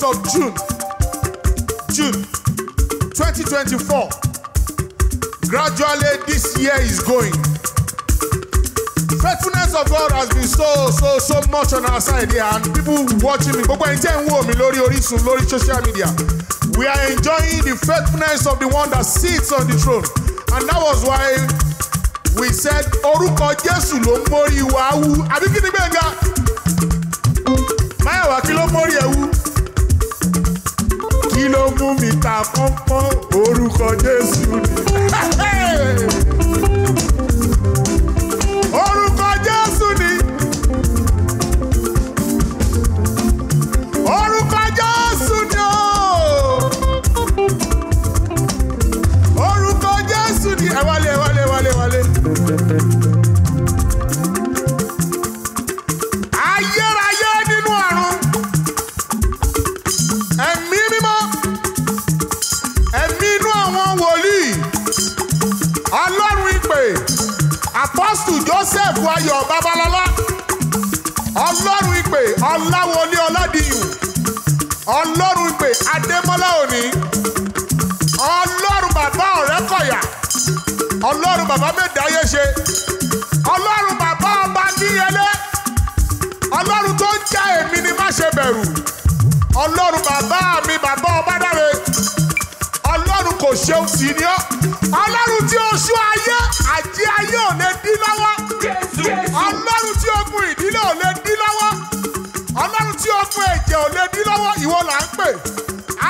month of June, June 2024. Gradually, this year is going. Faithfulness of God has been so so so much on our side here and people watching me. Gbogbo ẹni tẹ́ ń wò mí lórí Orísun lórí social media. We are enjoying the faithfulness of the one that sits on the throne and that was why we said orúkọ Jésù Lomori ń mórí wa wú àbí kí ni Gbénga? Máyàwá ló mú mi ta pọ́npọ́n orúkọ Jésù ni. ayọ̀ babalọ́lá ọlọ́run ìpè ọláwọlé ọládìyù ọlọ́run ìpè adémọ́lá òní ọlọ́run bàbá ọ̀rẹ́kọ̀yà ọlọ́run bàbá mẹ́dáyé ṣe ọlọ́run bàbá ọba níyẹlé ọlọ́run tó ń já èmi ni má ṣe bẹ̀rù ọlọ́run bàbá mi bàbá ọba dáre ọlọ́run kò ṣeun tì ní ọ́. pè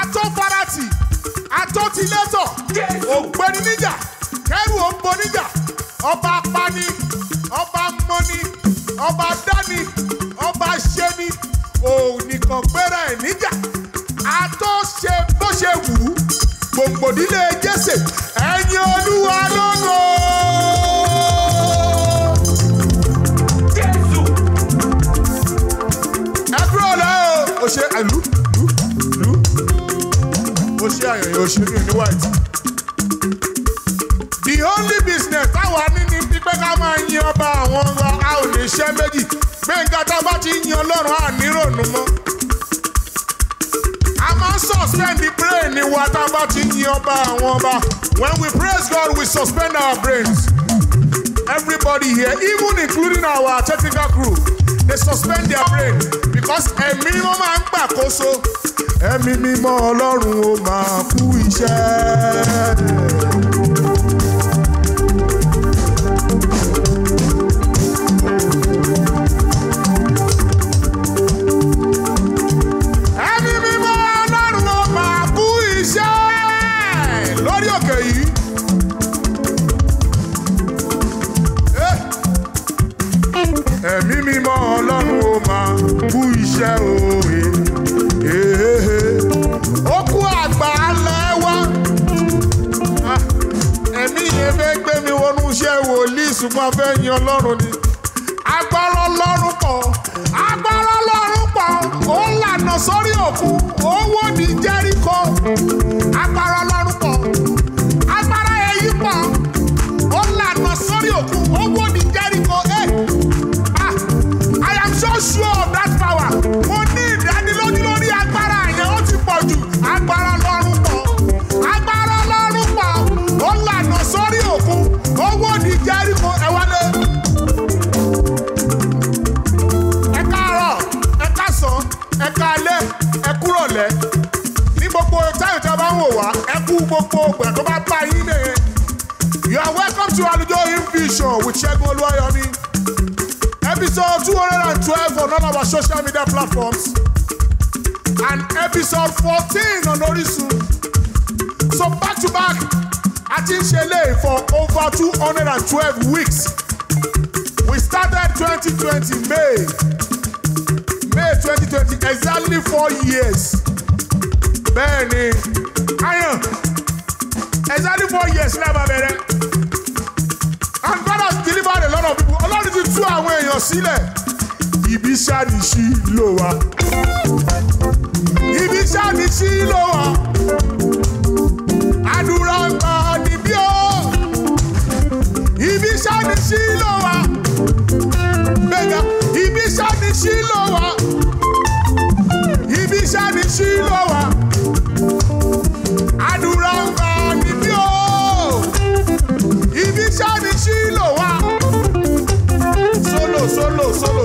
atọ́farati atọ́tilétọ̀ ògbẹ́ni níjà kẹ́rù òǹbo níjà ọba pani ọba mọ́ni ọba dani, ọba ṣẹ́ni ònìkan gbéra ẹ̀ níjà atọ́ṣe bó ṣe wù ú gbòǹgbòdìlẹ̀ jésè ẹ̀yin olúwa ló. jẹ́ àyàn òṣèlú ní white. the only business táwa ní ni pípé ká máa yin ọba àwọn ọba a ò lè ṣẹ́ méjì a bá ti yin ọlọ́run á nírònú mọ́. a máa ń suspend the brain wa tá a bá your bar, ọba àwọn when we praise God we suspend our brains. everybody here even including our technical crew they suspend their brain because a wọn máa ń gbàkóso ẹ̀mí mímọ́ ọlọ́run ó máa kú iṣẹ́. over 212 weeks. We started 2020 May. May 2020 exactly four years. Bẹ́ẹ̀ ni, Ayan, exactly four years la máa bẹ̀rẹ̀. And God has delivered a lot of people. Ọlọ́run ti tú àwọn èèyàn sílẹ̀. Ibi ṣàníṣí ló wà. Ibi ṣàníṣí ló wà. Àdúrà gbà ṣá ni ṣílò wà. Gbẹ̀gà ibi ṣá ni ṣílò wà. Ibi ṣá ni ṣílò wà. Àdúrà ń gbà níbí o. Ibi ṣá ni ṣílò wà. Solo solo solo.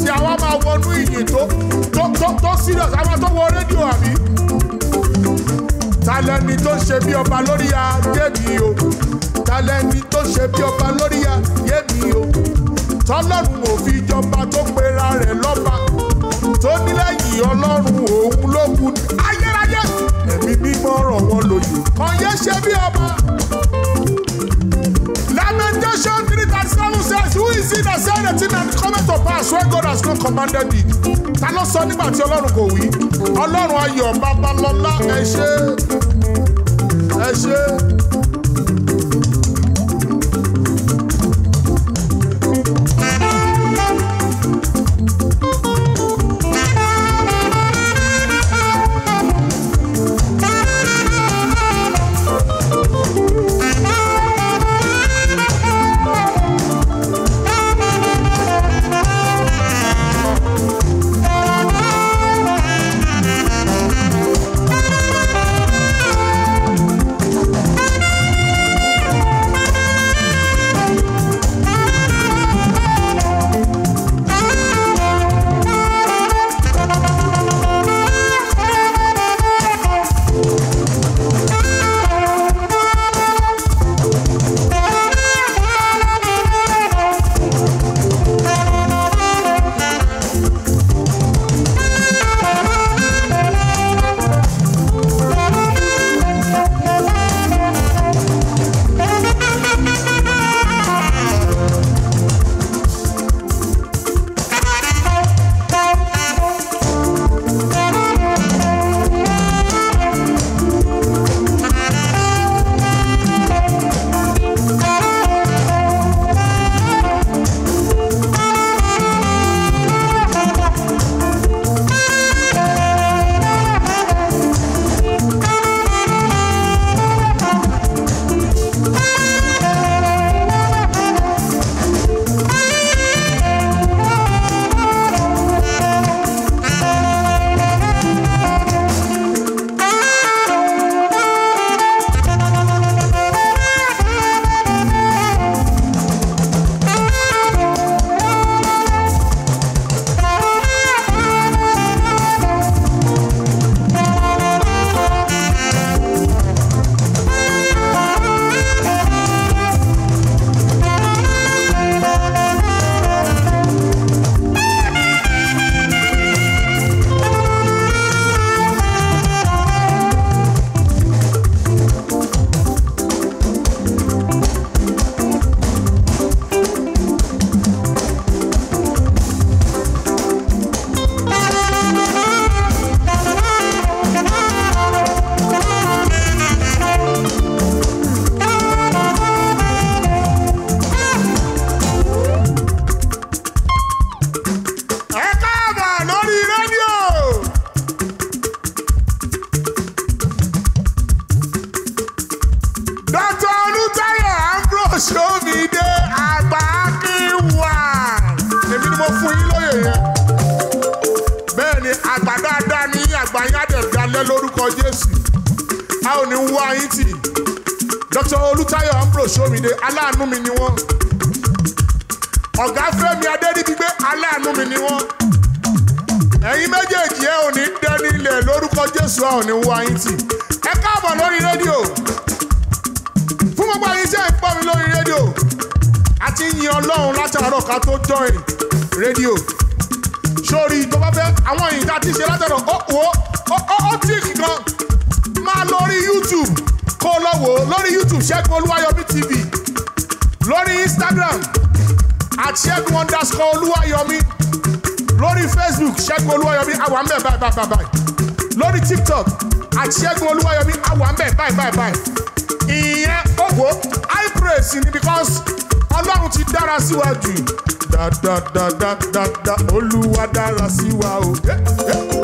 sí àwa máa wọnú ìyìn tó tó tó serious àwọn tó wọ rédíò àbí. talẹ́ni tó ṣe bí ọba lórí ayé mi o talẹ́ni tó ṣe bí ọba lórí ayé mi o tọ́lọ́run ò fi jọba tó pera rẹ̀ lọ́ba tó nílẹ̀yìn ọlọ́run òun ló kù ní ayérayé ẹ̀mí mímọ́ rọ̀ wọ́n lóye kàn yé ṣe bí ọba. is it that said it and come to pass when God has not commanded it? Ta ló sọ nígbà tí Ọlọ́run kò wí? Ọlọ́run ayọ̀ Babalọ́lá ẹ ṣé ẹ ṣé. lórí tiktok àṣẹ́gun olúwayọ̀mí àwọ̀ àmbẹ̀ báyìí báyìí báyìí ìyẹn ògbó high praise ni because ọlọ́run ti dára sí wa jù dáadáa dáadáa dáadáa olúwa dára sí wa o. Yeah, yeah.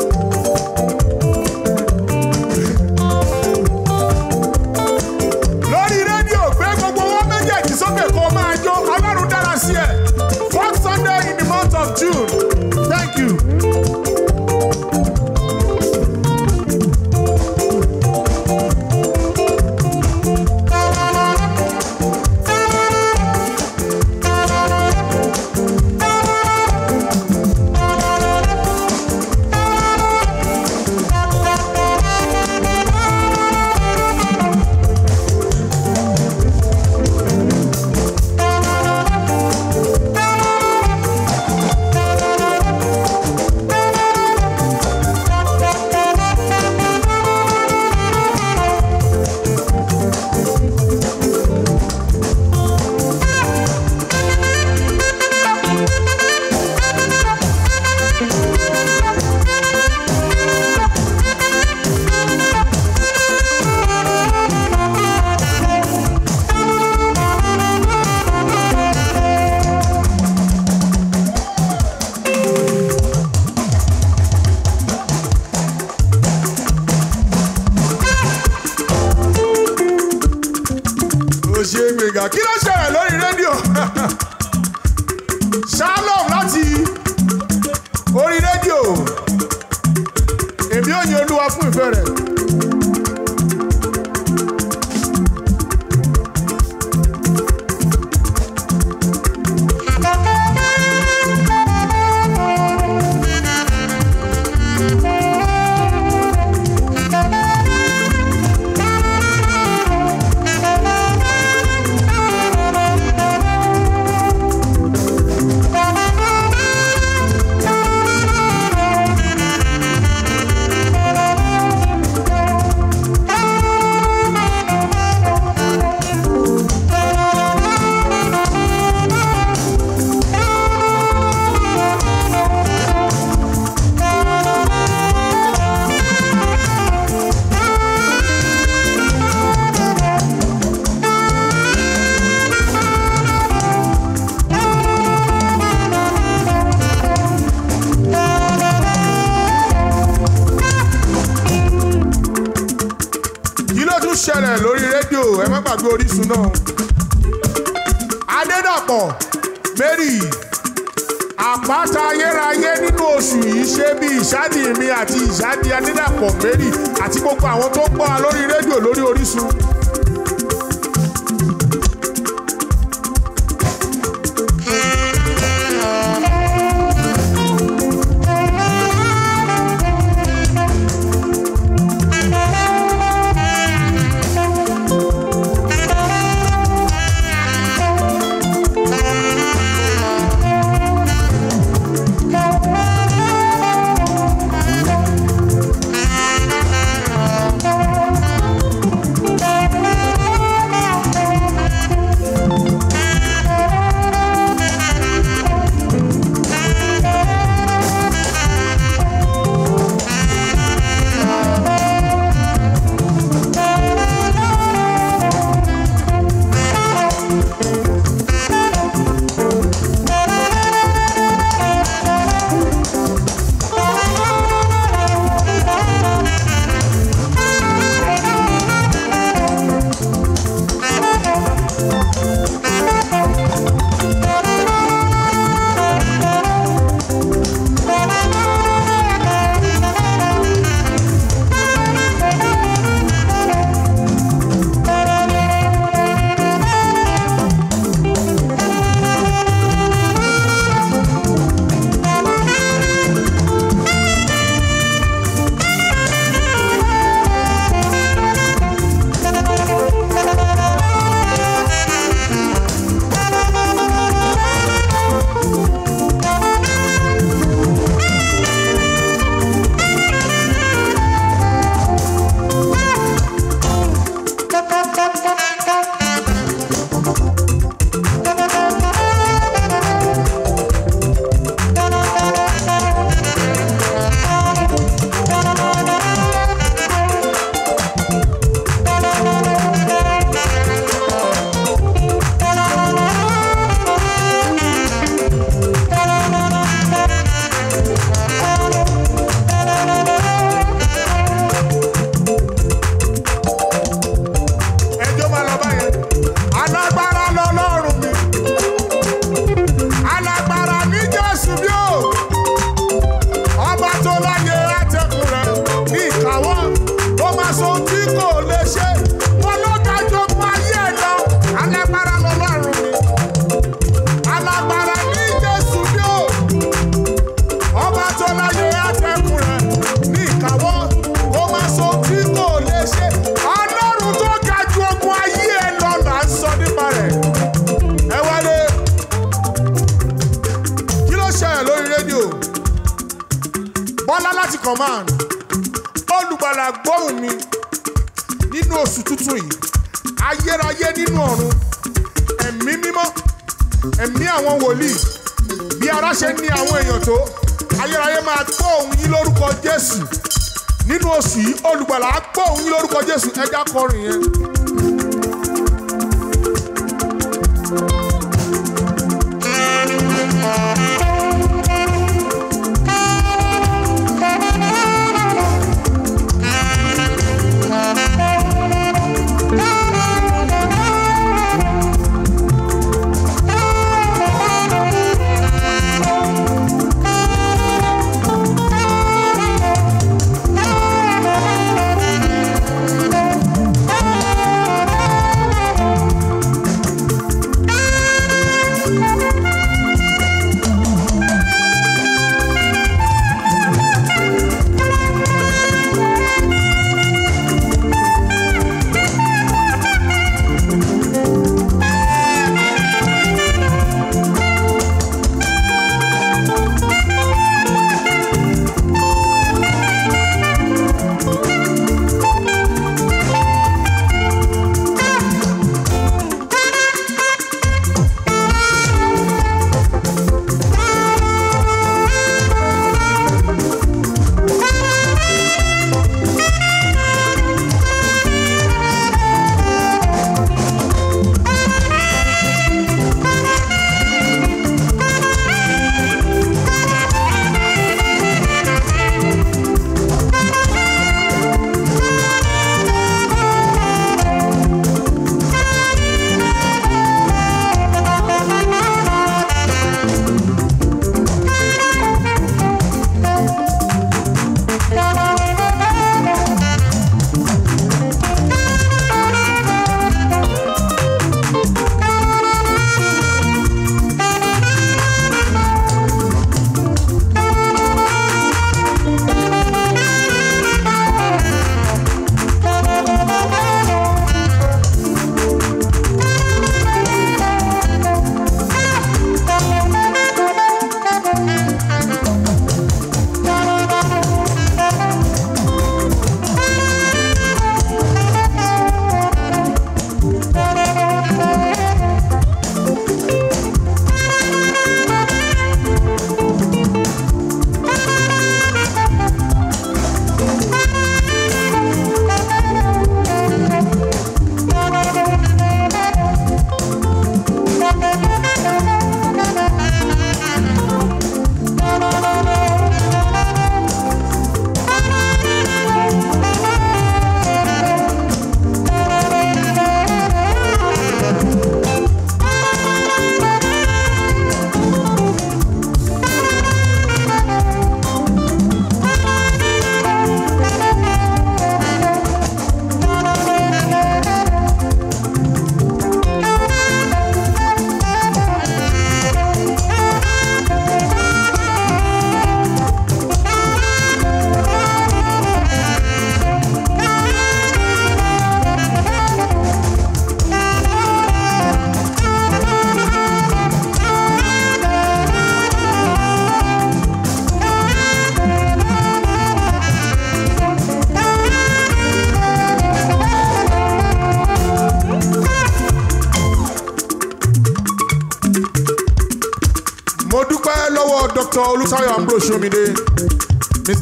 kí ló ṣẹlẹ̀ lórí rédíò. gbogbo àwọn tó ń gbọ́ wa lórí rédíò lórí Orísun. oṣù tuntun yìí ayérayé nínú ọ̀run ẹ̀mí mímọ́ ẹ̀mí àwọn wòlíì bí ara ṣe ní àwọn èèyàn tó ayérayé máa gbọ́ òun yín lórúkọ Jésù nínú oṣù yìí olùgbàlà á gbọ́ òun yín lórúkọ Jésù ẹja kọrin yẹn. thank you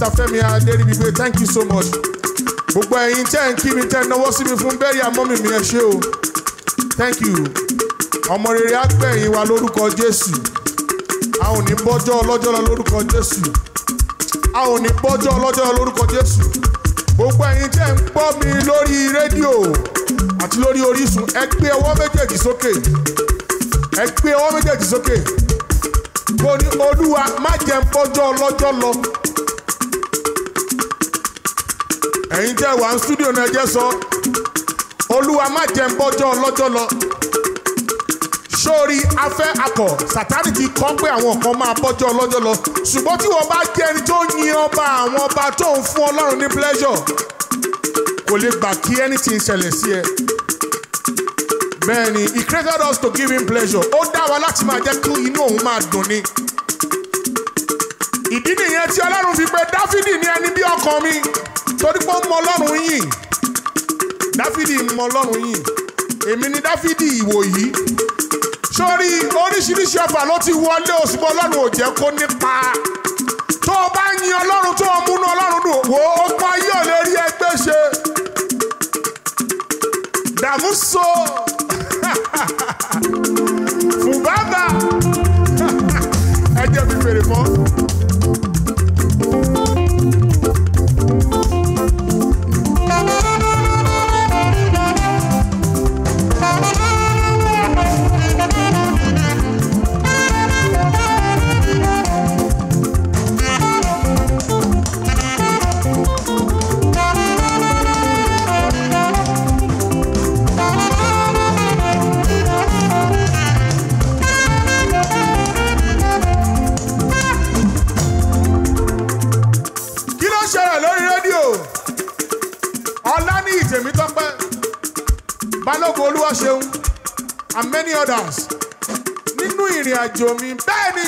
Mr. Femi Aderibipe thank you so much gbogbo ẹ̀yin tẹ́ ń kí mi tẹ́ náwó sí mi fún bẹ́ẹ̀rì àmọ́mì mi ẹ ṣé o thank you ọmọ rere á wa lórúkọ Jésù a ò ní bọ́jọ́ ọlọ́jọ́ lọ lórúkọ Jésù a ò ní bọ́jọ́ ọlọ́jọ́ lọ lórúkọ Jésù gbogbo ẹ̀yin tẹ́ ń gbọ́ mi lórí rédíò àti lórí Orísun ẹ gbé ọwọ́ méjèèjì sókè ẹ gbé ọwọ́ méjèèjì sókè kò ní Olúwa má jẹ́ bọ́jọ́ ọlọ́jọ́ lọ. ẹ̀yin tẹ́ wà ń studio náà jẹ́ sọ olúwa má jẹ́ ń bọ́jọ́ ọlọ́jọ́ lọ sórí afẹ́ akọ̀ sátánì ti kọ́ pé àwọn kan máa bọ́jọ́ ọlọ́jọ́ lọ ṣùgbọ́n tí wọ́n bá jẹ́ ẹni tó yin ọba àwọn ọba tó ń fún ọlọ́run ní pleasure kò lè gbà kí anything ṣẹlẹ̀ sí ẹ bẹ́ẹ̀ he created us to give him pleasure ó dá wa láti máa jẹ́ kí inú òun máa dùn ni ìdí nìyẹn tí ọlọ́run fi pè dáfídì ní ẹni bí ọkàn mi torí pé ó mọ ọlọ́run yìí dáfídì mọ ọlọ́run yìí èmi ni dáfídì ìwòyí sórí oríṣiríṣi ọfà ló ti wọlé òṣùpọ̀ ọlọ́run ò jẹ́ kó nípa tó o bá yin ọlọ́run tó o múnú ọlọ́run dùn wò ó pa ayé ò lè rí ẹgbẹ́ ṣe dààmú so fún bàbá ẹ jẹ́ mi fèrè mọ́. balógun olúwa and many others nínú ìrìn àjò mi bẹ́ẹ̀ ni.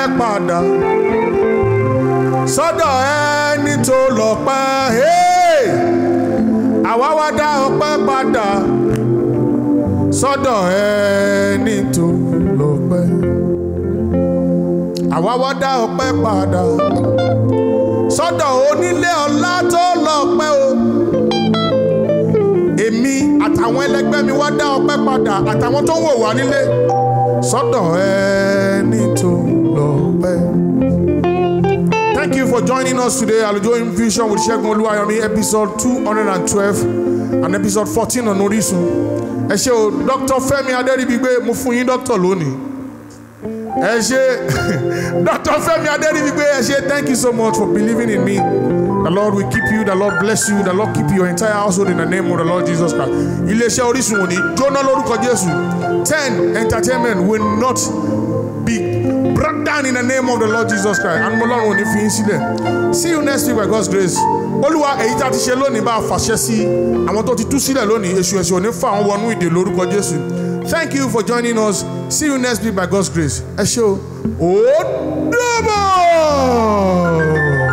pẹ́ padà sọ́dọ̀ ẹni tó lọ́pẹ́ àwa wá dá ọpẹ́ padà sọ́dọ̀ ẹni tó lọ́pẹ́ àwa wá dá ọpẹ́ padà sọ́dọ̀ onílé ọlá tó lọ́pẹ́ o èmi àtàwọn ẹlẹgbẹ́ mi wá dá ọpẹ́ padà àtàwọn tó ń wò wá nílé sọ́dọ̀ ẹni. for joining us today. I'll join Vision with Segun Oluwayomi, episode 212 and episode 14 on Orisun. Ẹ ṣé o, Dr. Femi Aderibigbe, mo fún yín doctor lónìí. Ẹ ṣé, Dr. Femi Aderibigbe, ẹ ṣé, thank you so much for believing in me. The Lord will keep you, the Lord bless you, the Lord keep your entire household in the name of the Lord Jesus Christ. Ilé iṣẹ́ Orísun òní, Jóná lórúkọ Jésù, ten entertainment will not down in the name of the Lord Jesus Christ and mo lọ́run ò ní fi yín sílẹ̀ see you next week by God's grace olúwa èyí tá a ti ṣe lónìí bá a fàṣẹ sí àwọn tó ti tú sílẹ̀ lónìí èṣù èṣù ò ní fà wọ́n wọnú ìdè lórúkọ Jésù thank you for joining us see you next week by God's grace ẹ ṣé o ó